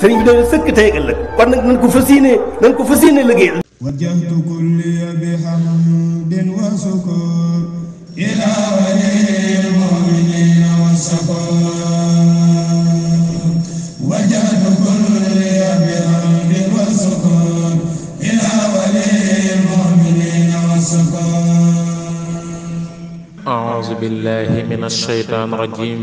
sëriñ bi daal sëkk tey ëllëg kon nag nañ ko fas yéenee nañ ko fas yéenee liggéeyal. wajjahtu kulliya bi hamdin wa sukur ila waliyil mu'minin wa sakur wajjahtu kulliya bi hamdin wa sukur ila waliyil mu'minin wa sakur. a'uuzu billahi minash shaytaani rajiim.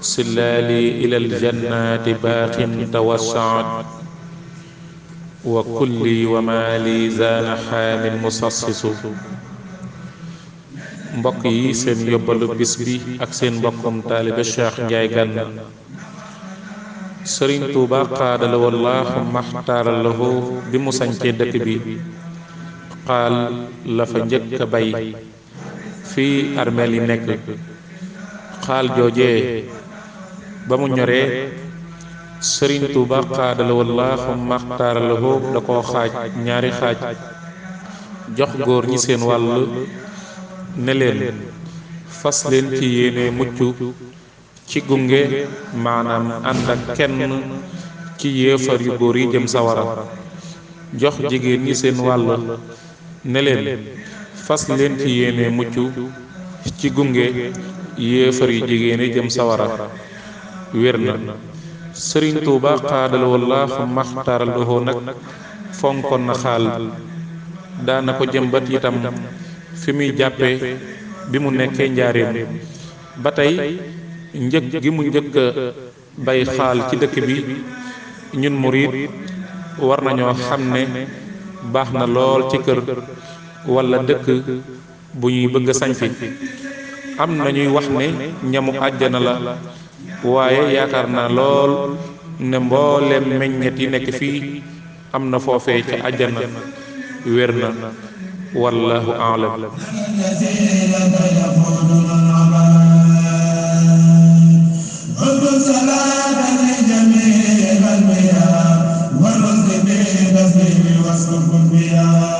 sillaali ilal jannaati baaxin tawassaat wa kulli wa maali zaana xaamin mbokk yi seen yóbbalu bis bi ak seen mbokkum taaliba Cheikh Njaay Gànna sëriñ Tuuba qaadala wallaahu maxtaara bi mu sañcee dëkk bi xaal la fa njëkk a bay fii armeel yi nekk xaal joojee ba mu ñoree sëriñ tuuba xaadala wallaahu maxtaarala hoo da koo xaaj ñaari xaaj jox góor ñi seen wàll ne leen fas leen ci yéene mucc ci gunge maanaam ànd ak kenn ci yéefar yu góor yi jëm sawara jox jigéen ñi seen wàll ne leen fas leen ci yéene mucc ci gunge yéefar yu jigéen yi jëm sawara wér na sëriñ tuuba xaadal wallaahu maxtaaral doxoo nag fonkoon na xaal daana ko jëmbat itam fi muy jàppe bi mu nekkee njaareem ba tey njëkk gi mu njëkk bay xaal ci dëkk bi ñun murit war nañoo xam ne baax na lool ci kër walla dëkk bu ñuy bëgg sañfi am na ñuy wax ne ñamu àjjana la waaye yaakaar naa lool ne mboolem meññet yi nekk fii am na foofee ca àjjana wér na wallahu aalam وارزق به تسليمي واسلكم بها